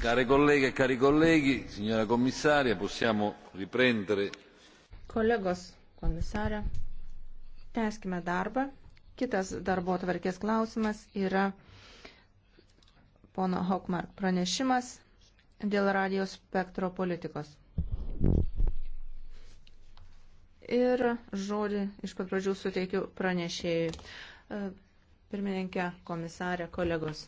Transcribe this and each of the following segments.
Care colleghe e cari colleghi, signora commissaria, possiamo riprendere. Kolegos, komisarė, tęskime darbą. Kitas darbo atvarkės klausimas yra pono Hokmark pranešimas dėl radijos spektro politikos. Ir žodį iš pat pradžių suteikiu pranešėjai. E, pirmininkė, komisarė, kolegos.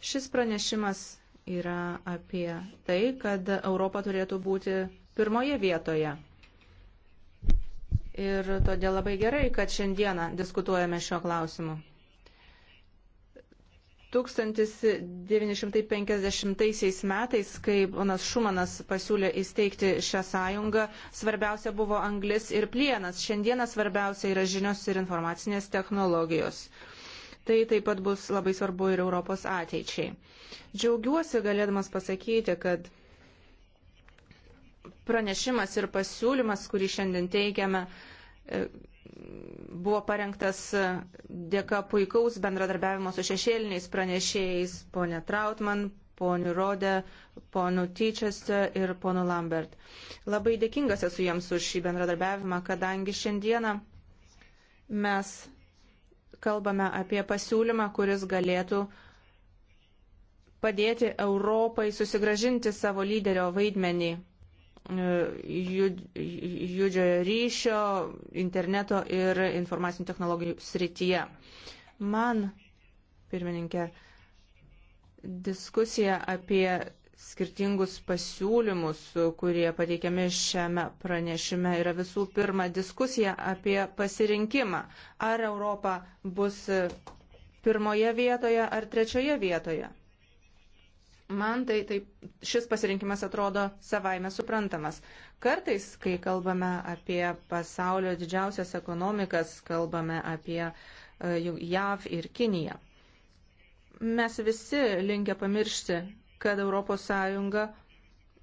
Šis pranešimas yra apie tai, kad Europa turėtų būti pirmoje vietoje. Ir todėl labai gerai, kad šiandieną diskutuojame šio klausimu. 1950 metais, kai ponas Šumanas pasiūlė įsteigti šią sąjungą, svarbiausia buvo anglis ir plienas. Šiandieną svarbiausia yra žinios ir informacinės technologijos. Tai taip pat bus labai svarbu ir Europos ateičiai. Džiaugiuosi galėdamas pasakyti, kad pranešimas ir pasiūlymas, kurį šiandien teikiame, e, buvo parengtas dėka puikaus bendradarbiavimo su šešėliniais pranešėjais, ponė Trautman, poniu Rodė, ponu Tyčester ir ponu Lambert. Labai dėkingas esu jiems už šį bendradarbiavimą, kadangi šiandieną mes kalbame apie pasiūlymą, kuris galėtų padėti Europai susigražinti savo lyderio vaidmenį e, judžiojo ryšio, interneto ir informacinių technologijų srityje. Man, pirmininkė, diskusija apie skirtingus pasiūlymus, kurie pateikiami šiame pranešime, yra visų pirma diskusija apie pasirinkimą, ar Europa bus pirmoje vietoje ar trečioje vietoje. Man tai, tai šis pasirinkimas atrodo savaime suprantamas. Kartais, kai kalbame apie pasaulio didžiausias ekonomikas, kalbame apie e, JAV ir Kiniją. Mes visi linkę pamiršti kad ES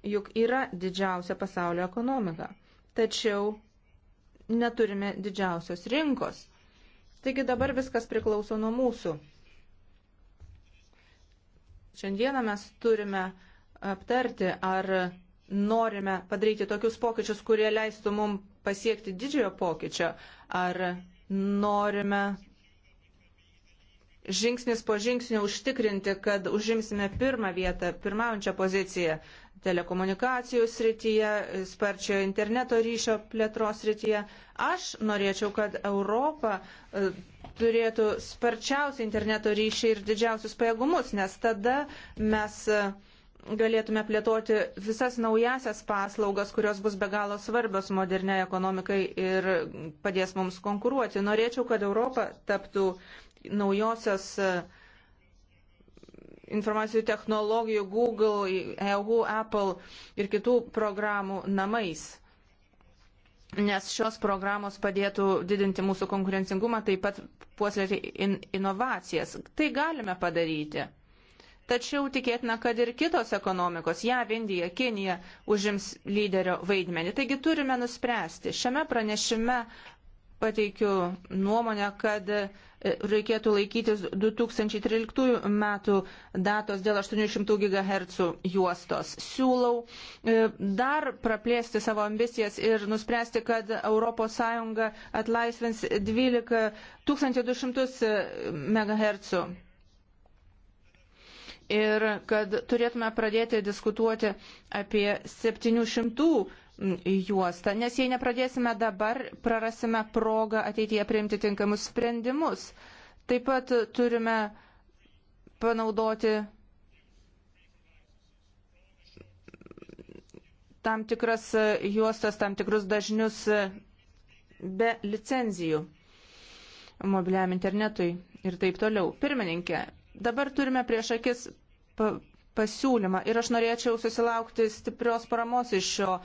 juk yra didžiausia pasaulio ekonomika. Tačiau neturime didžiausios rinkos. Taigi dabar viskas priklauso nuo mūsų. Šiandieną mes turime aptarti, ar norime padaryti tokius pokyčius, kurie leistų mums pasiekti didžiojo pokyčio, ar norime žingsnis po žingsnio užtikrinti, kad užimsime pirmą vietą, pirmaujančią poziciją telekomunikacijų srityje, sparčio interneto ryšio plėtros srityje. Aš norėčiau, kad Europa e, turėtų sparčiausią interneto ryšį ir didžiausius pajėgumus, nes tada mes e, galėtume plėtoti visas naujasias paslaugas, kurios bus be galo svarbios moderniai ekonomikai ir padės mums konkuruoti. Norėčiau, kad Europa taptų uh, naujosios e, informacijų technologijų Google, EU, Apple ir kitų programų namais. Nes šios programos padėtų didinti mūsų konkurencingumą, taip pat puoselėti in inovacijas. Tai galime padaryti. Tačiau tikėtina, kad ir kitos ekonomikos, JAV, Indija, Kinija, užims lyderio vaidmenį. Taigi turime nuspręsti. Šiame pranešime pateikiu nuomonę, kad e, reikėtų laikytis 2013 metų datos dėl 800 GHz juostos. Siūlau e, dar praplėsti savo ambicijas ir nuspręsti, kad ES atlaisvins 12 1200 MHz. Ir kad turėtume pradėti diskutuoti apie 700 MHz juostą, nes jei nepradėsime dabar, prarasime progą ateityje priimti tinkamus sprendimus. Taip pat turime panaudoti tam tikras juostas, tam tikrus dažnius be licenzijų mobiliam internetui ir taip toliau. Pirmininkė, dabar turime prieš akis pasiūlymą ir aš norėčiau susilaukti stiprios paramos iš šio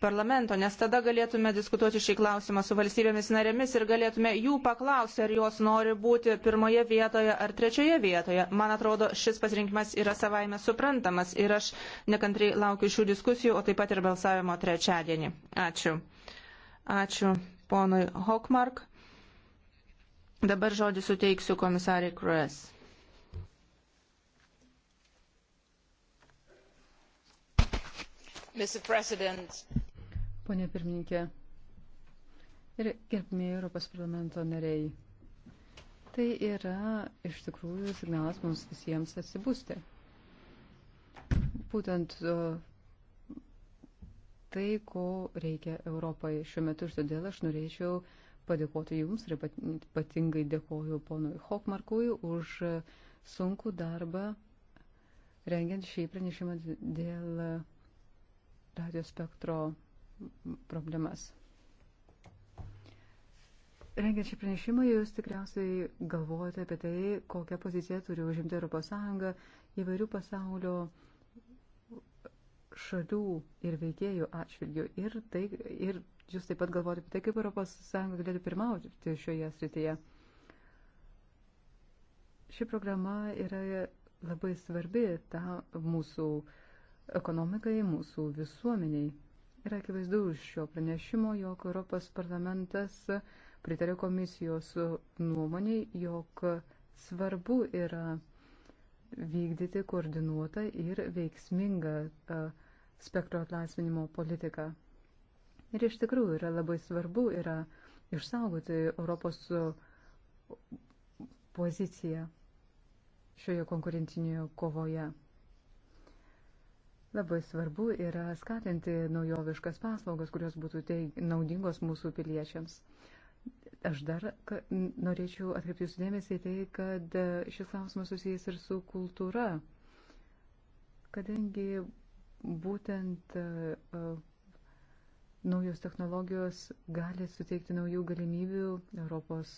parlamento, nes tada galėtume diskutuoti šį klausimą su valstybėmis narėmis ir galėtume jų paklausti, ar jos nori būti pirmoje vietoje ar trečioje vietoje. Man atrodo, šis pasirinkimas yra savaime suprantamas ir aš nekantriai laukiu šių diskusijų, o taip pat ir balsavimo trečiadienį. Ačiū. Ačiū ponui Hokmark. Dabar žodį suteiksiu komisariai Krues. Mr. President, ponė pirmininkė ir gerbimi Europos parlamento nariai. Tai yra iš tikrųjų signalas mums visiems atsibūsti. Būtent tai, ko reikia Europai šiuo metu ir todėl aš norėčiau padėkoti Jums ir ypatingai dėkoju ponui Hokmarkui už sunku darbą rengiant šį pranešimą dėl radio spektro problemas. Rengiant šį pranešimą, jūs tikriausiai galvojate apie tai, kokią poziciją turi užimti ES įvairių pasaulio šalių ir veikėjų atšvilgių. Ir, tai, ir jūs taip pat galvojate apie tai, kaip ES galėtų pirmauti šioje srityje. Ši programa yra labai svarbi ta mūsų ekonomikai, mūsų visuomeniai. Yra akivaizdu iš šio pranešimo, jog Europos parlamentas pritarė komisijos nuomonė, jog svarbu yra vykdyti koordinuotą ir veiksmingą spektro atlaisvinimo politiką. Ir iš tikrųjų yra labai svarbu yra išsaugoti Europos poziciją šioje konkurencinėje kovoje. Labai svarbu yra skatinti naujoviškas paslaugas, kurios būtų tai naudingos mūsų piliečiams. Aš dar norėčiau atkreipti jūsų dėmesį į tai, kad e, šis klausimas susijęs ir su kultūra, kadangi būtent uh, naujos technologijos gali suteikti naujų galimybių Europos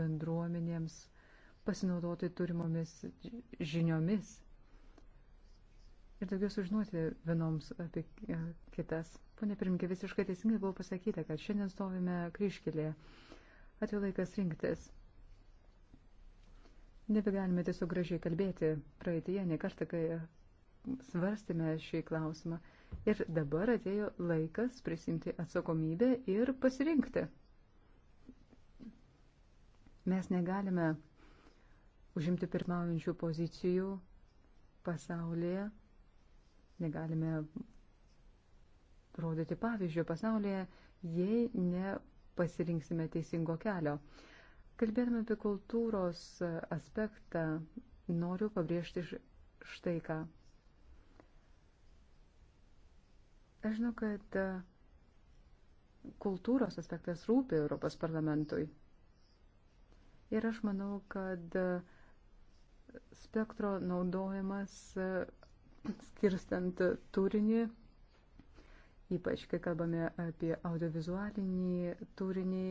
bendruomenėms pasinaudoti turimomis žiniomis ir daugiau sužinoti vienoms apie e, kitas. Pone pirmininkė, visiškai teisingai buvo pasakyta, kad šiandien stovime kryškelėje. Atėjo laikas rinktis. Nebegalime tiesiog gražiai kalbėti praeitie, ne kartą, kai svarstėme šį klausimą. Ir dabar atėjo laikas prisimti atsakomybę ir pasirinkti. Mes negalime užimti pirmaujančių pozicijų pasaulyje negalime rodyti pavyzdžio pasaulyje, jei nepasirinksime teisingo kelio. Kalbėdami apie kultūros aspektą, noriu pabrėžti štai ką. Aš žinau, kad e, kultūros aspektas rūpi Europos parlamentui. Ir aš manau, kad e, spektro naudojimas e, skirstant turinį, ypač kai kalbame apie audiovizualinį turinį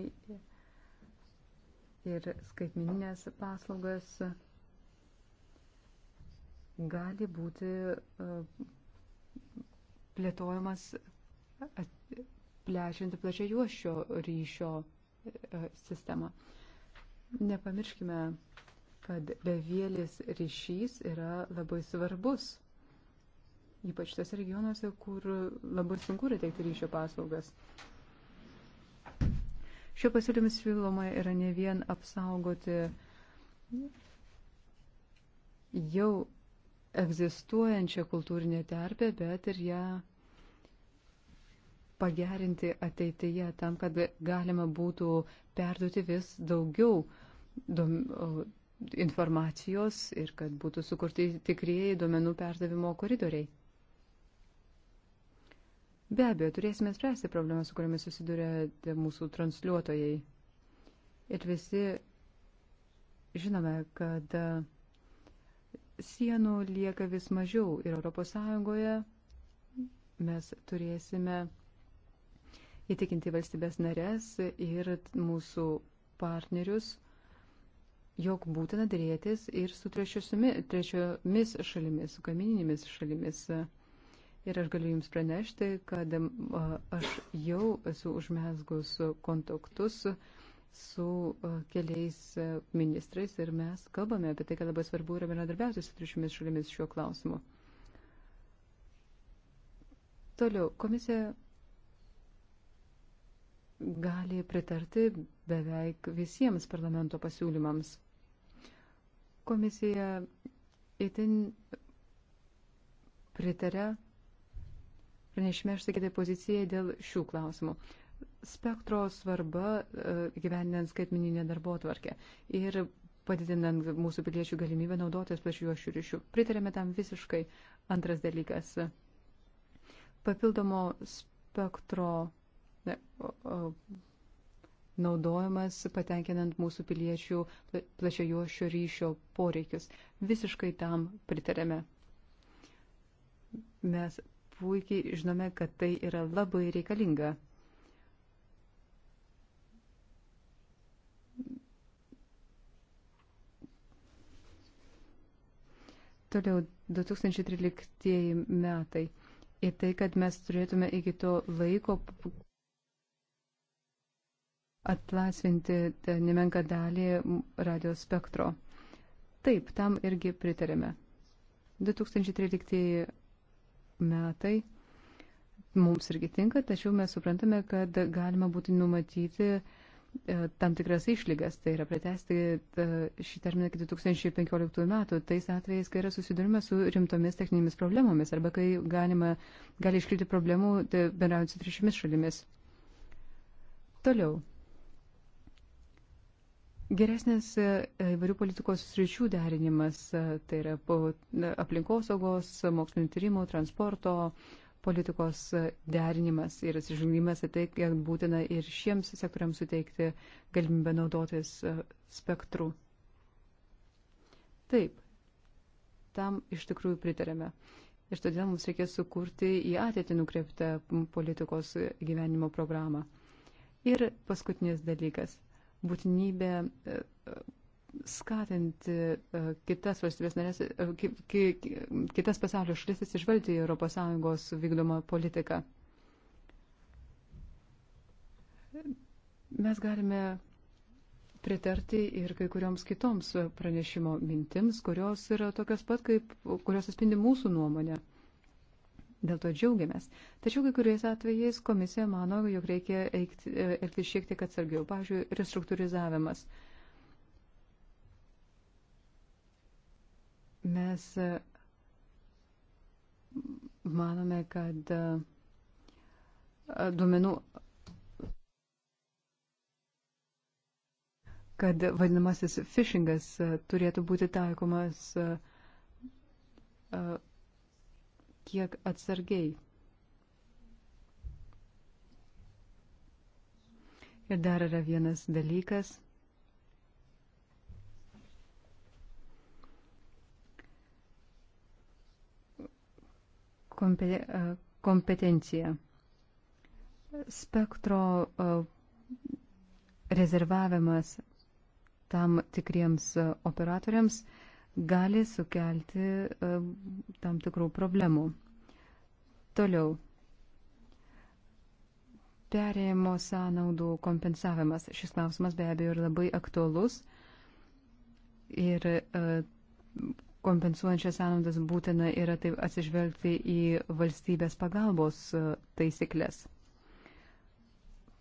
ir skaitmininės paslaugas, gali būti e, plėtojamas plešinti plačia juošio ryšio e, sistemą. Nepamirškime, kad bevėlis ryšys yra labai svarbus ypač tose regionuose, kur labai sunku yra teikti ryšio paslaugas. Šio pasiūlymų siūloma yra ne vien apsaugoti jau egzistuojančią kultūrinę terpę, bet ir ją pagerinti ateityje tam, kad galima būtų perduoti vis daugiau informacijos ir kad būtų sukurti tikrieji duomenų perdavimo koridoriai. Be abejo, turėsime spręsti problemas, su kuriamis susiduria mūsų transliuotojai. Ir visi žinome, kad e, sienų lieka vis mažiau ir ES mes turėsime įtikinti valstybės narės ir mūsų partnerius, jog būtina dėrėtis ir su trečiosiomis šalimis, su kamininėmis šalimis. šalimis Ir aš galiu Jums pranešti, kad aš jau esu užmesgus kontaktus su keliais e, ministrais ir mes kalbame apie tai, kad labai svarbu yra bendradarbiauti su trišimis šalimis šiuo klausimu. Toliau, komisija gali pritarti beveik visiems parlamento pasiūlymams. Komisija itin pritarė pranešime išsakyti poziciją dėl šių klausimų. Spektro svarba e, gyveninant skaitmininę darbo atvarkę ir padidinant mūsų piliečių galimybę naudotis plačiuoju šių ryšių. Pritarėme tam visiškai. Antras dalykas. Papildomo spektro ne, o, naudojimas patenkinant mūsų piliečių plačiajuošio ryšio poreikius. Visiškai tam pritarėme. Mes puikiai žinome, kad tai yra labai reikalinga. Toliau 2013 metai. Ir tai, kad mes turėtume iki to laiko atlaisvinti nemenką dalį radio spektro. Taip, tam irgi pritarėme. 2013 metai mums irgi tinka, tačiau mes suprantame, kad galima būtų numatyti e, tam tikras išlygas, tai yra pratesti e, šį terminą iki 2015 metų, tais atvejais, kai yra susidurime su rimtomis techninėmis problemomis arba kai galima, gali iškilti problemų e, bendraujant su trišimis šalimis. Toliau. Geresnis e, įvairių politikos sričių derinimas, e, tai yra aplinkosaugos, mokslinio tyrimo, transporto politikos e, derinimas ir atsižvelgimas į tai, kiek būtina ir šiems sektoriams suteikti galimybę naudotis spektru. Taip, tam iš tikrųjų pritarėme. Ir todėl mums reikės sukurti į ateitį nukreiptą politikos gyvenimo programą. Ir paskutinis dalykas – būtinybę e, e, skatinti e, kitas valstybės narės, kitas pasaulio šalis atsižvelgti į ES vykdomą politiką. Mes galime pritarti ir kai kurioms kitoms pranešimo mintims, kurios yra tokios pat, kaip, kurios atspindi mūsų nuomonę. Dėl to džiaugiamės. Tačiau kai kuriais atvejais komisija mano, jog reikia e, elgtis šiek tiek atsargiau. Pavyzdžiui, restruktūrizavimas. Mes e, manome, kad e, duomenų kad vadinamasis phishingas turėtų būti taikomas kiek atsargiai. Ir dar yra vienas dalykas. Kompe, kompetencija. Spektro rezervavimas tam tikriems operatoriams gali sukelti tam tikrų problemų. Toliau. Perėjimo sąnaudų kompensavimas. Šis klausimas be abejo yra labai aktuolus ir e, kompensuojančias sąnaudas būtina yra taip atsižvelgti į valstybės pagalbos e, taisyklės.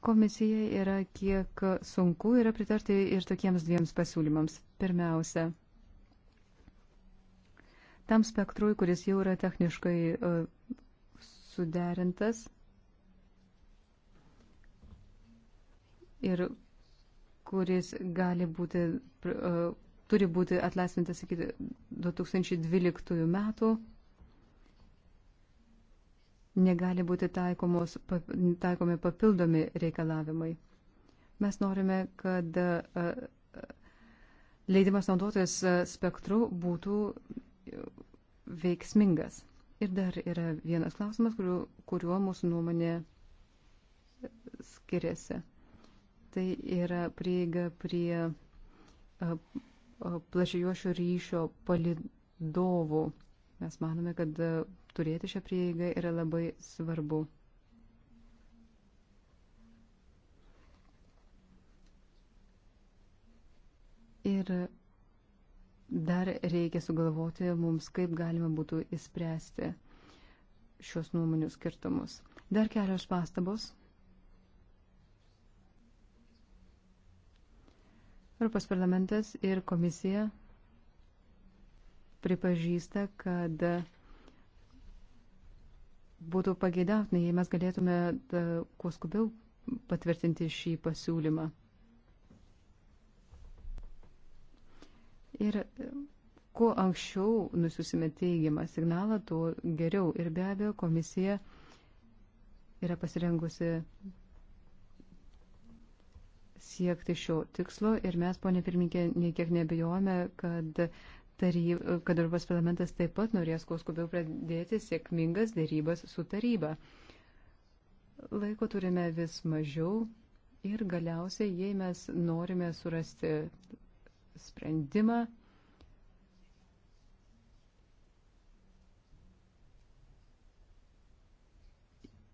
Komisijai yra kiek sunku yra pritarti ir tokiems dviems pasiūlymams. Pirmiausia, tam spektrui, kuris jau yra techniškai e, suderintas ir kuris gali būti, e, turi būti atlaisvintas iki 2012 metų. Negali būti taikomos, taikomi papildomi reikalavimai. Mes norime, kad e, e, leidimas naudotis spektru būtų veiksmingas. Ir dar yra vienas klausimas, kuriuo, kuriuo mūsų nuomonė skiriasi. Tai yra prieiga prie plašijuošio ryšio palidovų. Mes manome, kad turėti šią prieigą yra labai svarbu. Ir dar reikia sugalvoti mums, kaip galima būtų įspręsti šios nuomonių skirtumus. Dar kelios pastabos. Europos parlamentas ir komisija pripažįsta, kad būtų pageidautina, jei mes galėtume kuo skubiau patvirtinti šį pasiūlymą. Ir e, kuo anksčiau nusiusime teigiamą signalą, tuo geriau. Ir be abejo, komisija yra pasirengusi siekti šio tikslo ir mes, ponė pirminkė, niekiek nebejojame, kad, taryb, kad Europos parlamentas taip pat norės kuo skubiau pradėti sėkmingas dėrybas su taryba. Laiko turime vis mažiau ir galiausiai, jei mes norime surasti sprendimą.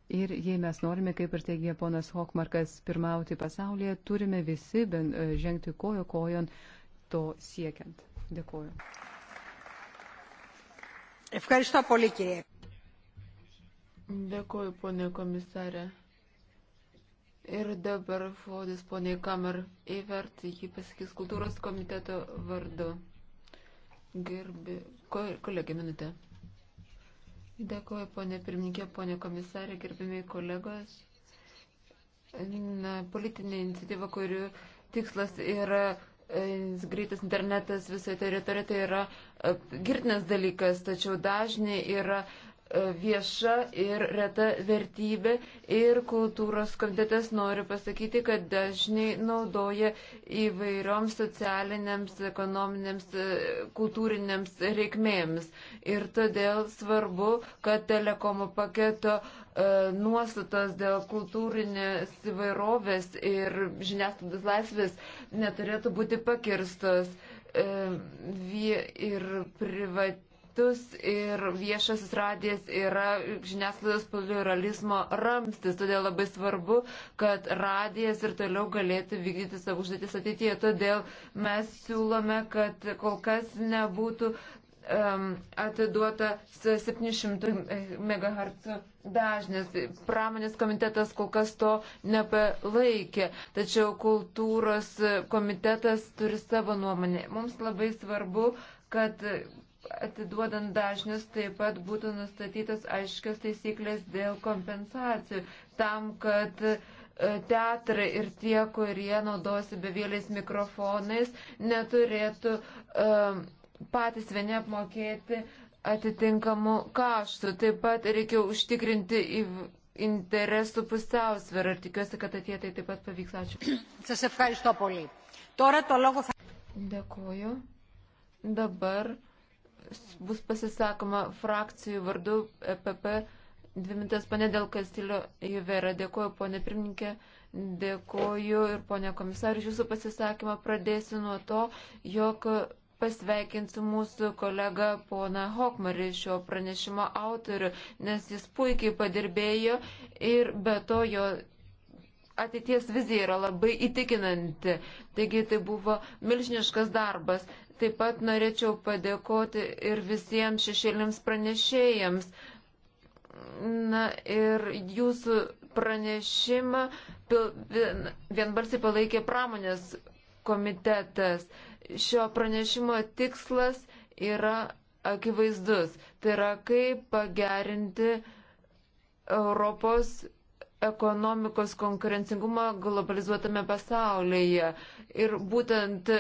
Ir jei mes norime, kaip ir teigia ponas Hokmarkas, pirmauti pasaulyje, turime visi ben, e, žengti kojo kojon to siekiant. Dėkuoju. Dėkuoju, ponė komisarė. Ir dabar žodis poniai Kamer Evert, jį pasakys kultūros komiteto vardu. Gerbi, ko, kolegė, minutė. Dėkuoju, ponė pirmininkė, ponė komisarė, gerbimiai kolegos. Na, politinė iniciatyva, kurių tikslas yra e, greitas internetas visoje teritorijoje tai yra e, girtinas dalykas, tačiau dažnai yra E, vieša ir reta vertybė ir kultūros komitetas nori pasakyti, kad dažnai naudoja įvairioms socialiniams, ekonominėms, e, kultūrinėms reikmėms. Ir todėl svarbu, kad telekomo paketo e, nuostatos dėl kultūrinės įvairovės ir žiniasklaidos laisvės neturėtų būti pakirstos. Ir privat aspektus ir viešasis radijas yra žiniasklaidos pluralizmo ramstis, todėl labai svarbu, kad radijas ir toliau galėtų vykdyti savo užduotis ateityje. Todėl mes siūlome, kad kol kas nebūtų um, atiduota 700 MHz dažnis. Pramonės komitetas kol kas to nepalaikė, tačiau kultūros komitetas turi savo nuomonę. Mums labai svarbu, kad atiduodant dažnius taip pat būtų nustatytos aiškios taisyklės dėl kompensacijų, tam, kad e, teatrai ir tie, kurie naudosi bevėliais mikrofonais, neturėtų um, patys vieni apmokėti atitinkamų kaštų. Taip pat reikia užtikrinti į interesų pusiausvyrą ir tikiuosi, kad ateitie tai taip pat pavyks. Ačiū. Dėkuoju. Dabar bus pasisakoma frakcijų vardu EPP. Dvi minutės, pane dėl Kastilio Juvera. Dėkuoju, ponė pirmininkė, dėkuoju ir ponė komisarė. Jūsų pasisakymą pradėsiu nuo to, jog pasveikinsiu mūsų kolegą poną Hokmarį, šio pranešimo autorių, nes jis puikiai padirbėjo ir be to jo ateities vizija yra labai įtikinanti. Taigi tai buvo milžiniškas darbas. Taip pat norėčiau padėkoti ir visiems šešėliams pranešėjams. Na ir jūsų pranešimą vienbalsiai palaikė pramonės komitetas. Šio pranešimo tikslas yra akivaizdus. Tai yra kaip pagerinti Europos ekonomikos konkurencingumą globalizuotame pasaulyje. Ir būtent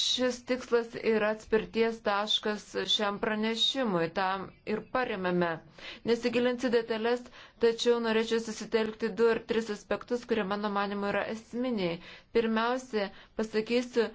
šis tikslas yra atspirties taškas šiam pranešimui, tam ir paremėme. Nesigilinsiu detalės, tačiau norėčiau susitelkti du ar tris aspektus, kurie mano manimu yra esminiai. Pirmiausia, pasakysiu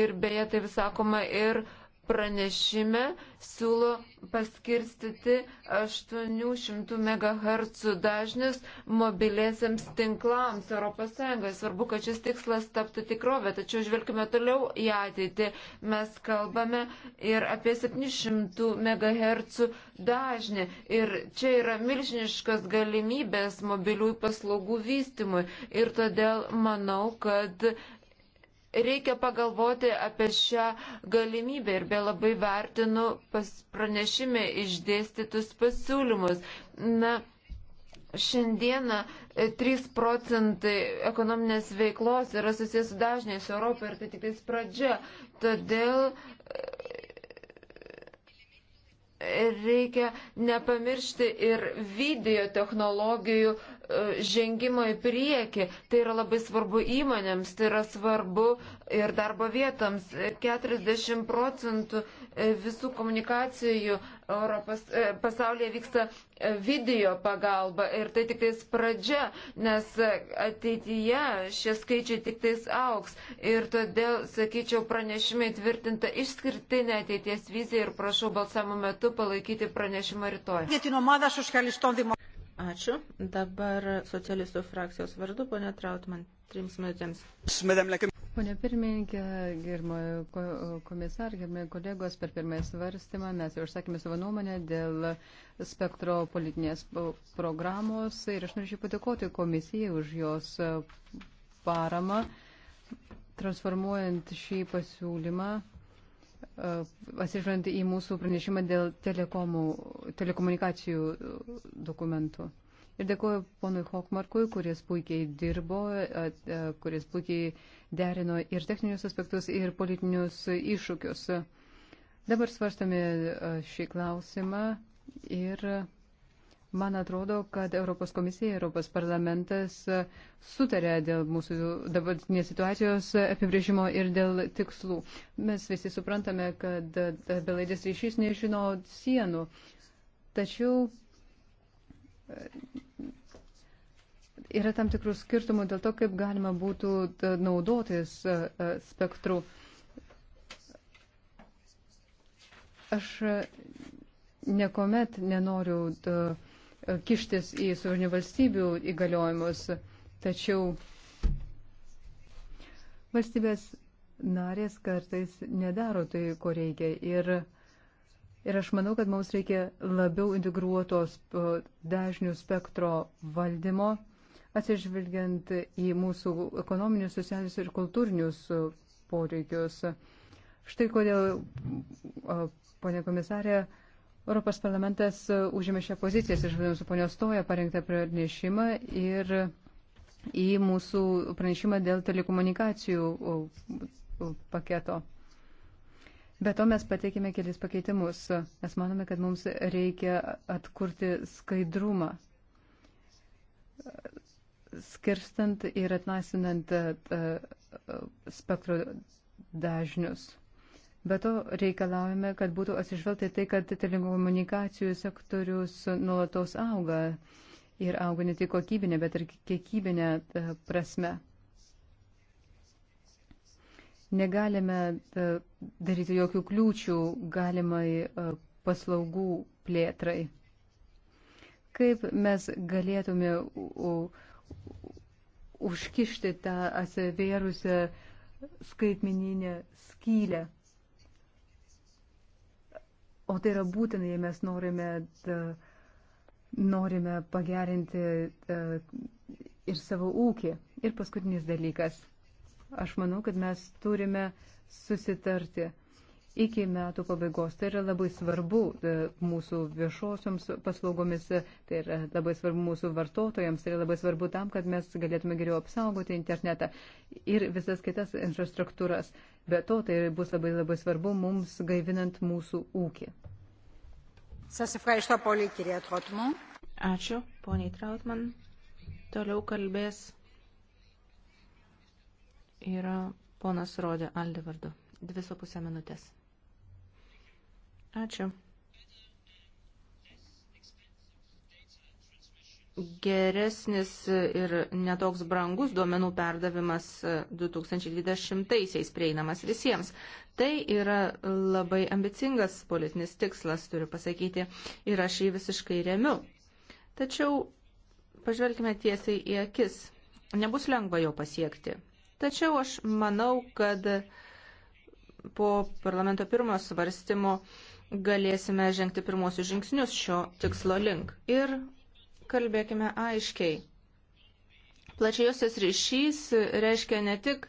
ir beje tai visakoma ir pranešime siūlo paskirstyti 800 MHz dažnius mobiliesiams tinklams ES. Svarbu, kad šis tikslas taptų tikrovę, tačiau žvelgime toliau į ateitį. Mes kalbame ir apie 700 MHz dažnį. Ir čia yra milžiniškas galimybės mobiliųjų paslaugų vystimui. Ir todėl manau, kad reikia pagalvoti apie šią galimybę ir be labai vertinu pranešime išdėstytus pasiūlymus. Na, šiandieną 3 e, procentai ekonominės veiklos yra susijęs su dažniais Europoje ir tai tik tais pradžia. Todėl e, reikia nepamiršti ir video technologijų uh, E, žengimo į priekį. Tai yra labai svarbu įmonėms, tai yra svarbu ir darbo vietoms. 40 procentų e, visų komunikacijų Europos, e, pasaulyje vyksta video pagalba ir tai tik tais pradžia, nes ateityje šie skaičiai tik tais auks ir todėl, sakyčiau, pranešimai tvirtinta išskirtinė ateities vizija ir prašau balsamo metu palaikyti pranešimą rytoj. Ačiū. Dabar socialistų frakcijos vardu, ponė Trautman, trims minutėms. Pone pirmininkė, gerbimo komisar, gerbimo kolegos, per pirmąjį svarstymą mes jau išsakėme savo nuomonę dėl spektro politinės programos ir aš norėčiau patikoti komisijai už jos paramą, transformuojant šį pasiūlymą atsižvelgiant į mūsų pranešimą dėl telekomų, telekomunikacijų dokumentų. Ir dėkuoju ponui Hokmarkui, kuris puikiai dirbo, kuris puikiai derino ir techninius aspektus, ir politinius iššūkius. Dabar svarstame šį klausimą ir Man atrodo, kad Europos komisija, Europos parlamentas sutarė dėl mūsų dabartinės situacijos apibrėžimo ir dėl tikslų. Mes visi suprantame, kad belaidės ryšys nežino sienų. Tačiau e, yra tam tikrų skirtumų dėl to, kaip galima būtų e, naudotis e, spektru. Aš niekuomet nenoriu. Da, kištis į suverinių valstybių įgaliojimus, tačiau valstybės narės kartais nedaro tai, ko reikia. Ir, ir aš manau, kad mums reikia labiau integruotos dažnių spektro valdymo, atsižvelgiant į mūsų ekonominius, socialinius ir kultūrinius poreikius. Štai kodėl, ponė komisarė, Europos parlamentas e, užėmė šią poziciją, išvadėm su ponios Toja parengtą pranešimą ir į mūsų pranešimą dėl telekomunikacijų paketo. Be to mes pateikėme kelis pakeitimus, nes manome, kad mums reikia atkurti skaidrumą, skirstant ir atlaisvinant e, e, spektro dažnius. Be to reikalavome, kad būtų atsižvelgta į tai, kad telekomunikacijų sektorius nuolatos auga ir auga ne tik kokybinė, bet ir kiekybinė e, prasme. Negalime e, daryti jokių kliūčių galimai e, paslaugų plėtrai. Kaip mes galėtume užkišti tą atsivėrusią skaitmeninę skylę? O tai yra būtina, jei mes norime, da, norime pagerinti da, ir savo ūkį. Ir paskutinis dalykas. Aš manau, kad mes turime susitarti iki metų pabaigos. Tai yra labai svarbu mūsų viešosioms paslaugomis, tai yra labai svarbu mūsų vartotojams, tai yra labai svarbu tam, kad mes galėtume geriau apsaugoti internetą ir visas kitas infrastruktūras. Be to, tai bus labai labai svarbu mums gaivinant mūsų ūkį. Ačiū, poniai Trautman. Toliau kalbės yra ponas Rodė Aldevardu. Dvi su pusę minutės. Ačiū. geresnis ir netoks brangus duomenų perdavimas 2020-aisiais prieinamas visiems. Tai yra labai ambicingas politinis tikslas, turiu pasakyti, ir aš jį visiškai remiu. Tačiau pažvelkime tiesiai į akis. Nebus lengva jo pasiekti. Tačiau aš manau, kad po parlamento pirmojo svarstymo galėsime žengti pirmosius žingsnius šio tikslo link. Ir kalbėkime aiškiai. Plačiausias ryšys reiškia ne tik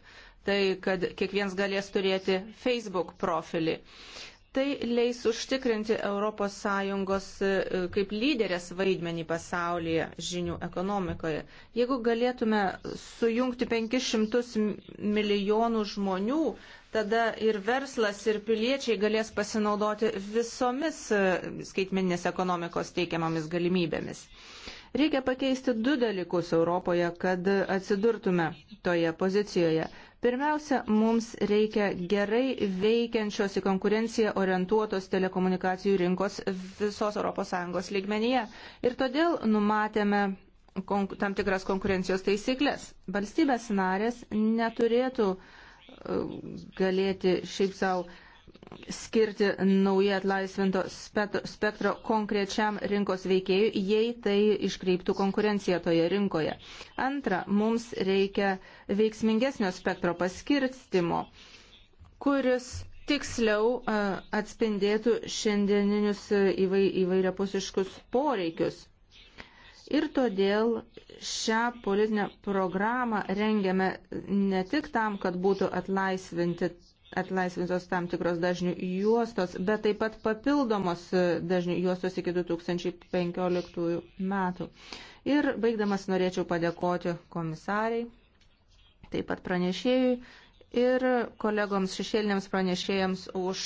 tai, kad kiekvienas galės turėti Facebook profilį. Tai leis užtikrinti ES e, kaip lyderės vaidmenį pasaulyje žinių ekonomikoje. Jeigu galėtume sujungti 500 milijonų žmonių, tada ir verslas, ir piliečiai galės pasinaudoti visomis e, skaitmeninės ekonomikos teikiamomis galimybėmis. Reikia pakeisti du dalykus Europoje, kad atsidurtume toje pozicijoje. Pirmiausia, mums reikia gerai veikiančios į konkurenciją orientuotos telekomunikacijų rinkos visos ES lygmenyje. Ir todėl numatėme tam tikras konkurencijos taisyklės. Valstybės narės neturėtų e, galėti šiaip savo skirti naujai atlaisvinto spektro konkrečiam rinkos veikėjui, jei tai iškreiptų konkurenciją toje rinkoje. Antra, mums reikia veiksmingesnio spektro paskirstimo, kuris tiksliau atspindėtų šiandieninius įvai, įvairiapusiškus poreikius. Ir todėl šią politinę programą rengiame ne tik tam, kad būtų atlaisvinti atlaisvintos tam tikros dažnių juostos, bet taip pat papildomos dažnių juostos iki 2015 metų. Ir baigdamas norėčiau padėkoti komisariai, taip pat pranešėjui ir kolegoms šešėliniams pranešėjams už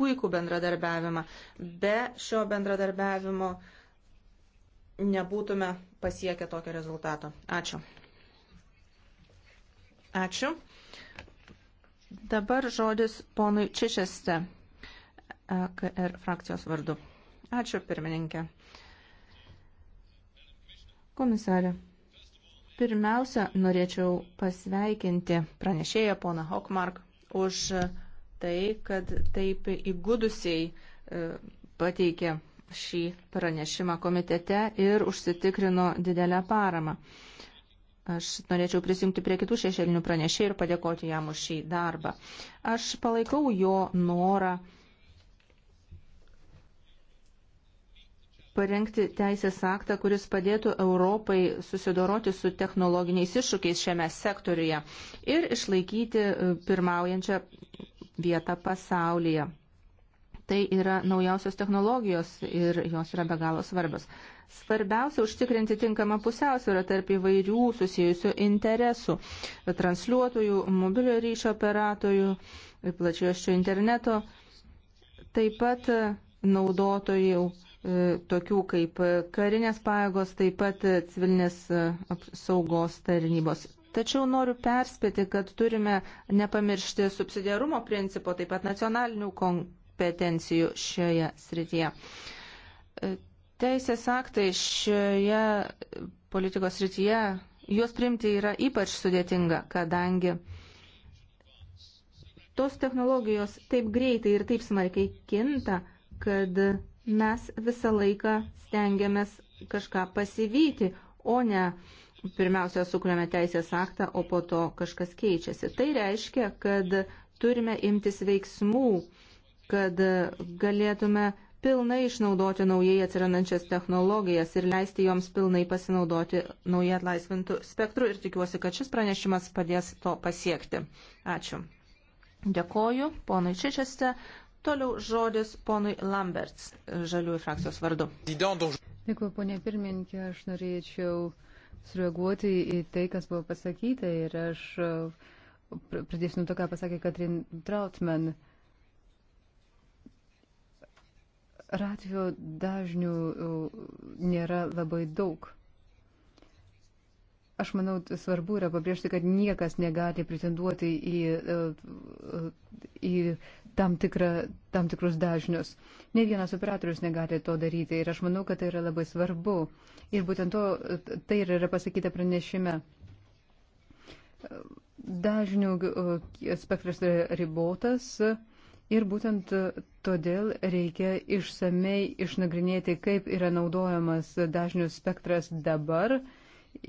puikų bendradarbiavimą. Be šio bendradarbiavimo nebūtume pasiekę tokio rezultato. Ačiū. Ačiū. Dabar žodis ponui Čišeste, e KR frakcijos vardu. Ačiū, pirmininkė. Komisarė, pirmiausia, norėčiau pasveikinti pranešėją poną Hokmark už tai, kad taip įgudusiai e, pateikė šį pranešimą komitete ir užsitikrino didelę paramą. Aš norėčiau prisijungti prie kitų šešėlinių pranešėjų ir padėkoti jam už šį darbą. Aš palaikau jo norą parengti teisės aktą, kuris padėtų Europai susidoroti su technologiniais iššūkiais šiame sektoriuje ir išlaikyti pirmaujančią vietą pasaulyje. Tai yra naujausios technologijos ir jos yra be galo svarbios. Svarbiausia užtikrinti tinkamą pusiausvyrą tarp įvairių susijusių interesų - transliuotojų, mobilio ryšio operatorių, plačioščio interneto, taip pat naudotojų e, tokių kaip karinės pajėgos, taip pat civilinės e, saugos tarnybos. Tačiau noriu perspėti, kad turime nepamiršti subsidiarumo principo, taip pat nacionalinių konkursų kompetencijų šioje srityje. E, teisės aktai šioje politikos srityje, juos priimti yra ypač sudėtinga, kadangi tos technologijos taip greitai ir taip smarkiai kinta, kad mes visą laiką stengiamės kažką pasivyti, o ne pirmiausia sukūrėme teisės aktą, o po to kažkas keičiasi. Tai reiškia, kad turime imtis veiksmų kad galėtume pilnai išnaudoti naujai atsirandančias technologijas ir leisti joms pilnai pasinaudoti naujai atlaisvintų spektrų ir tikiuosi, kad šis pranešimas padės to pasiekti. Ačiū. Dėkoju, ponui Čečiaste. Toliau žodis ponui Lamberts, žaliųjų frakcijos vardu. Dėkuoju, ponė pirmininkė, aš norėčiau sureaguoti į tai, kas buvo pasakyta ir aš pradėsiu nuo to, ką pasakė Katrin Trautman. Uh, Ratvijo dažnių e, nėra labai daug. Aš manau, svarbu yra pabrėžti, kad niekas negali pretenduoti į, e, e, į tam, tikrą, tam tikrus dažnius. Ne vienas operatorius negali to daryti ir aš manau, kad tai yra labai svarbu. Ir būtent to, tai yra pasakyta pranešime. Dažnių spektras yra ribotas. Ir būtent todėl reikia išsamei išnagrinėti, kaip yra naudojamas dažnių spektras dabar.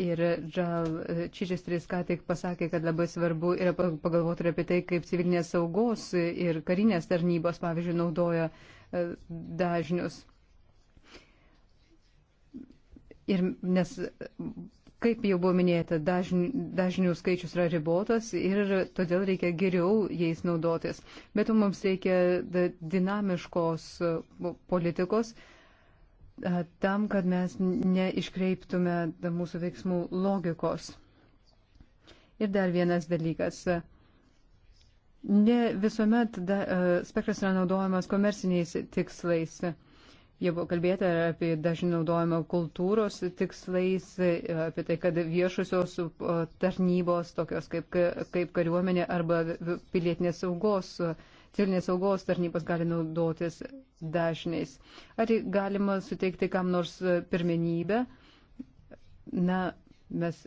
Ir Džal Čičestris ką tik pasakė, kad labai svarbu yra pagalvoti ir apie tai, kaip civilinės saugos ir karinės tarnybos, pavyzdžiui, naudoja e, dažnius. Ir nes Kaip jau buvo minėta, dažnių, dažnių skaičius yra ribotas ir todėl reikia geriau jais naudotis. Bet mums reikia dinamiškos e, politikos tam, kad mes neiškreiptume mūsų veiksmų logikos. Ir dar vienas dalykas. Ne visuomet da, e, spektras yra naudojamas komerciniais tikslais. Jie buvo kalbėta apie dažnai naudojimą kultūros tikslais, apie tai, kad viešusios tarnybos, tokios kaip, kaip kariuomenė arba pilietinės saugos, civilinės saugos tarnybos gali naudotis dažniais. Ar galima suteikti kam nors pirmenybę? Na, mes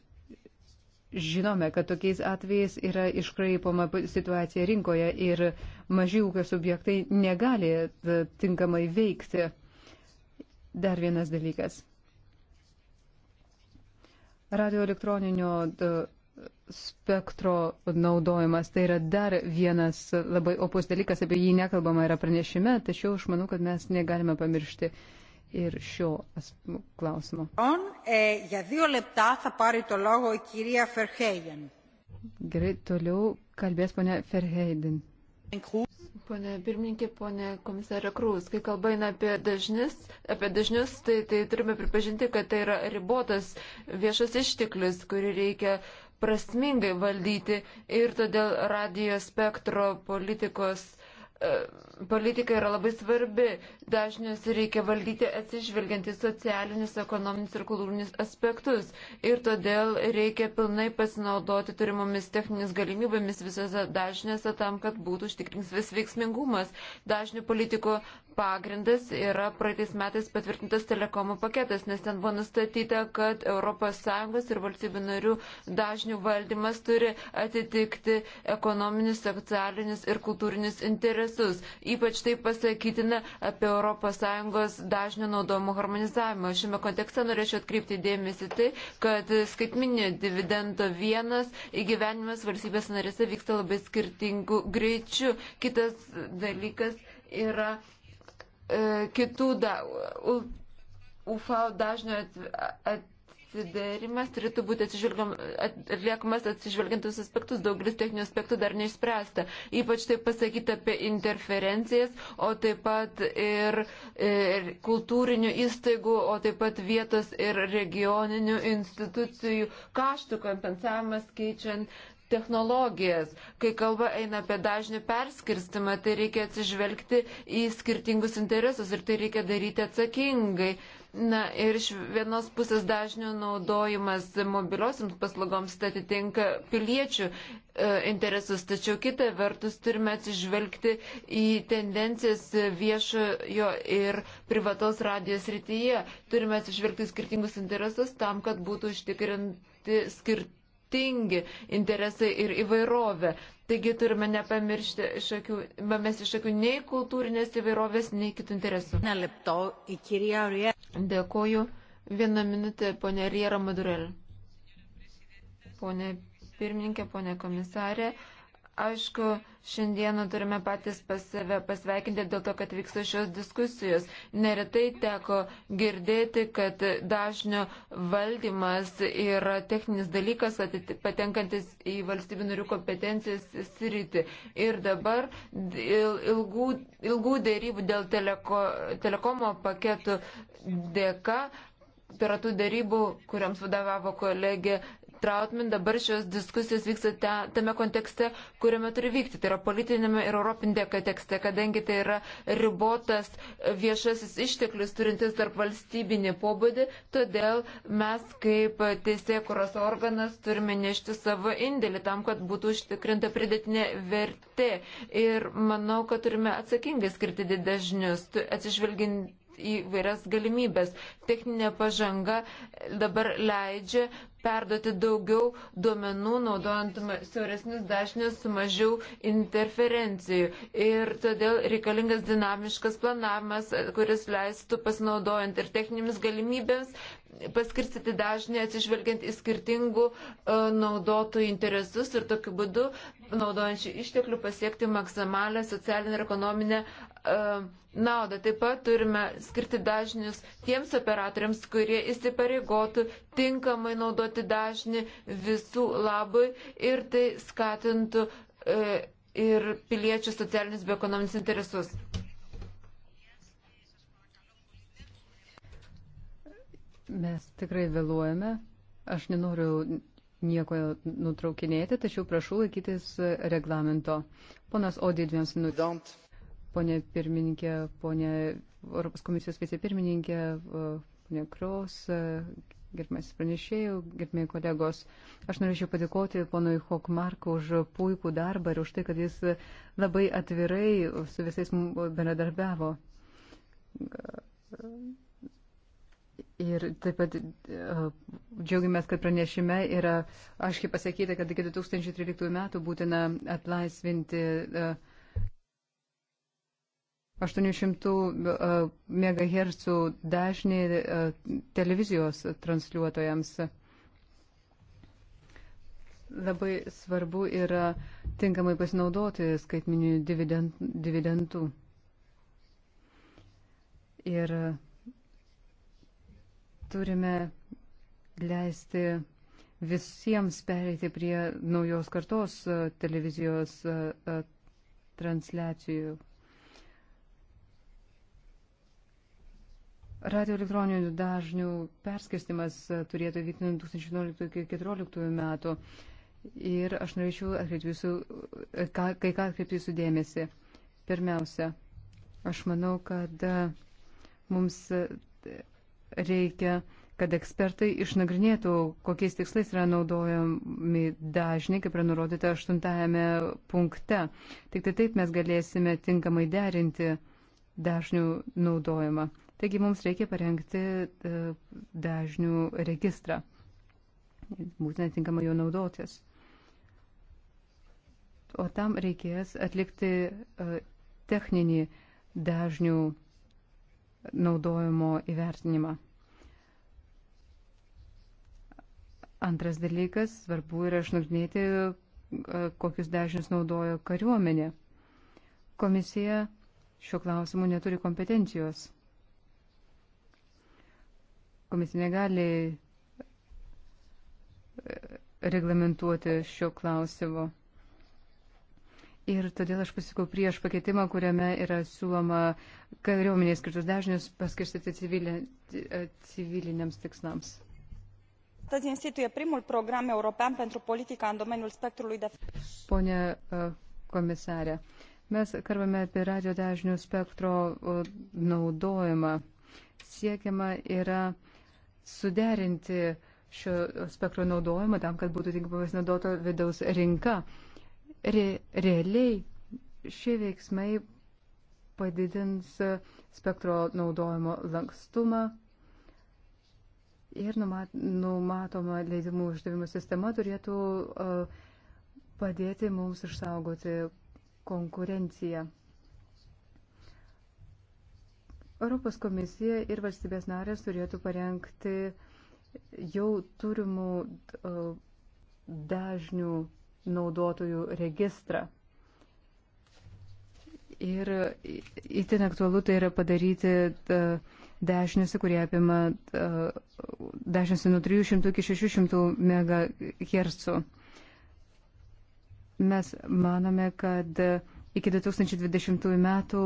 žinome, kad tokiais atvejais yra iškraipoma situacija rinkoje ir maži ūkio subjektai negali e, tinkamai veikti. Dar vienas dalykas. Radio elektroninio spektro naudojimas. Tai yra dar vienas labai opus dalykas, apie jį nekalbama yra pranešime, tačiau aš manau, kad mes negalime pamiršti ir šio klausimo. Eh, Gerai, toliau kalbės ponia Ferheiden. Pone pirmininkė, pone komisarė Krūs, kai kalba eina apie dažnis, apie dažnius, tai, tai turime pripažinti, kad tai yra ribotas viešas išteklis, kurį reikia prasmingai valdyti ir todėl radio spektro politikos E, politika yra labai svarbi. Dažnius reikia valdyti atsižvelgiant į socialinius, ekonominius ir kultūrinius aspektus. Ir todėl reikia pilnai pasinaudoti turimomis techninės galimybėmis visose dažniuose tam, kad būtų užtikrins vis veiksmingumas. Dažnių politiko pagrindas yra praeitais metais patvirtintas telekomų paketas, nes ten buvo nustatyta, kad ES ir valstybių narių dažnių valdymas turi atitikti ekonominius, socialinius ir kultūrinius interesus. Ypač tai pasakytina apie ES dažnių naudojimo harmonizavimą. Šiame kontekste norėčiau atkreipti dėmesį tai, kad skaitminio dividendo vienas įgyvenimas valstybės narėse vyksta labai skirtingų greičių. Kitas dalykas yra E, kitų da, UFA dažnio atsidarimas turėtų būti atliekamas atsižvelgiant visus aspektus, daugelis techninių aspektų dar neišspręsta. Ypač tai pasakyti apie interferencijas, o taip pat ir, ir kultūrinių įstaigų, o taip pat vietos ir regioninių institucijų kaštų kompensavimas keičiant technologijas. Kai kalba eina apie dažnių perskirstimą, tai reikia atsižvelgti į skirtingus interesus ir tai reikia daryti atsakingai. Na ir iš vienos pusės dažnių naudojimas mobiliosiams paslaugoms tai atitinka piliečių e, interesus, tačiau kitą vertus turime atsižvelgti į tendencijas viešojo ir privataus radijos rytyje. Turime atsižvelgti skirtingus interesus tam, kad būtų užtikrinti skirtingi skirtingi interesai ir įvairovė. Taigi turime nepamiršti, šakių, mes iš akių nei kultūrinės įvairovės, nei kitų interesų. Dėkoju. Vieną minutę, ponė Riera Madurel. Pone pirmininkė, ponė komisarė. Aišku, šiandieną turime patys pas save pasveikinti dėl to, kad vyksta šios diskusijos. Neretai teko girdėti, kad dažnio valdymas yra techninis dalykas patenkantis į valstybių narių kompetencijos sritį. Ir dabar ilgų, ilgų dėrybų dėl teleko, telekomo paketų dėka. Tai yra tų darybų, kuriams vadovavo kolegė Trautman dabar šios diskusijos vyksta te, tame kontekste, kuriame turi vykti. Tai yra politinėme ir europinė kontekste, kadangi tai yra ribotas viešasis išteklius turintis tarp valstybinį pobūdį, todėl mes kaip teisėkuros organas turime nešti savo indėlį tam, kad būtų užtikrinta pridėtinė vertė. Ir manau, kad turime atsakingai skirti didesnius, atsižvelginti įvairias galimybės. Techninė pažanga dabar leidžia perduoti daugiau duomenų, naudojant siauresnius dažnius su mažiau interferencijų. Ir todėl reikalingas dinamiškas planavimas, kuris leistų pasinaudojant ir techninėmis galimybėms paskirstyti dažnį atsižvelgiant į skirtingų e, naudotojų interesus ir tokiu būdu naudojančių išteklių pasiekti maksimalę socialinę ir ekonominę uh, naudą. Taip pat turime skirti dažnius tiems operatoriams, kurie įsipareigotų tinkamai naudoti dažnį visų labui ir tai skatintų uh, ir piliečių socialinius bei ekonominius interesus. Mes tikrai vėluojame. Aš nenoriu nieko nutraukinėti, tačiau prašau laikytis reglamento. Ponas Odi dviems minutėms. Pone pirmininkė, ponė Europos komisijos vicepirmininkė, ponė Kros, gerbiamasis pranešėjų, gerbimiai kolegos. Aš norėčiau padėkoti ponui Hokmarku už puikų darbą ir už tai, kad jis labai atvirai su visais bendradarbiavo Ir taip pat e, džiaugiamės, kad pranešime yra aiškiai pasakyta, kad iki 2013 metų būtina atlaisvinti 800 e, e, MHz dažnį televizijos transliuotojams. Labai svarbu yra tinkamai pasinaudoti skaitminių dividendų. Ir turime leisti visiems pereiti prie naujos kartos e, televizijos e, e, transliacijų. Radio elektroninių dažnių perskirstimas turėtų vykti nuo 2014 metų. Ir aš norėčiau atkreipti jūsų, kai ką atkreipti jūsų dėmesį. Pirmiausia, aš manau, kad mums reikia, kad ekspertai išnagrinėtų, kokiais tikslais yra naudojami dažniai, kaip yra nurodyta aštuntajame punkte. Tik tai taip mes galėsime tinkamai derinti dažnių naudojimą. Taigi mums reikia parengti e, dažnių registrą. Būtina tinkamai jo naudotis. O tam reikės atlikti e, techninį dažnių registravimą naudojimo įvertinimą. Antras dalykas, svarbu yra išnagrinėti, kokius dažnius naudojo kariuomenė. Komisija šiuo klausimu neturi kompetencijos. Komisija negali e, reglamentuoti šio klausimo. Ir todėl aš pasikau prieš pakeitimą, kuriame yra siūloma kariuomenės skirtus dažnius paskirstyti civilė, e, civiliniams tikslams. Astăzi instituie primul program european pentru politica în domeniul spectrului de... Pone komisarė, e, mes kalbame apie radio dažnių spektro e, naudojimą. Siekiama yra suderinti šio spektro naudojimą tam, kad būtų tinkamai pasinaudota vidaus rinka. Uh, Re, realiai šie veiksmai padidins spektro naudojimo lankstumą ir numat, numatoma leidimų uždavimo sistema turėtų uh, padėti mums išsaugoti konkurenciją. Europos komisija ir valstybės narės turėtų parengti jau turimų dažnių naudotojų registrą. Ir įtin aktualu tai yra padaryti e, dešiniuose, kurie apima e, dešiniuose nuo 300 iki 600 MHz. Mes manome, kad iki 2020 metų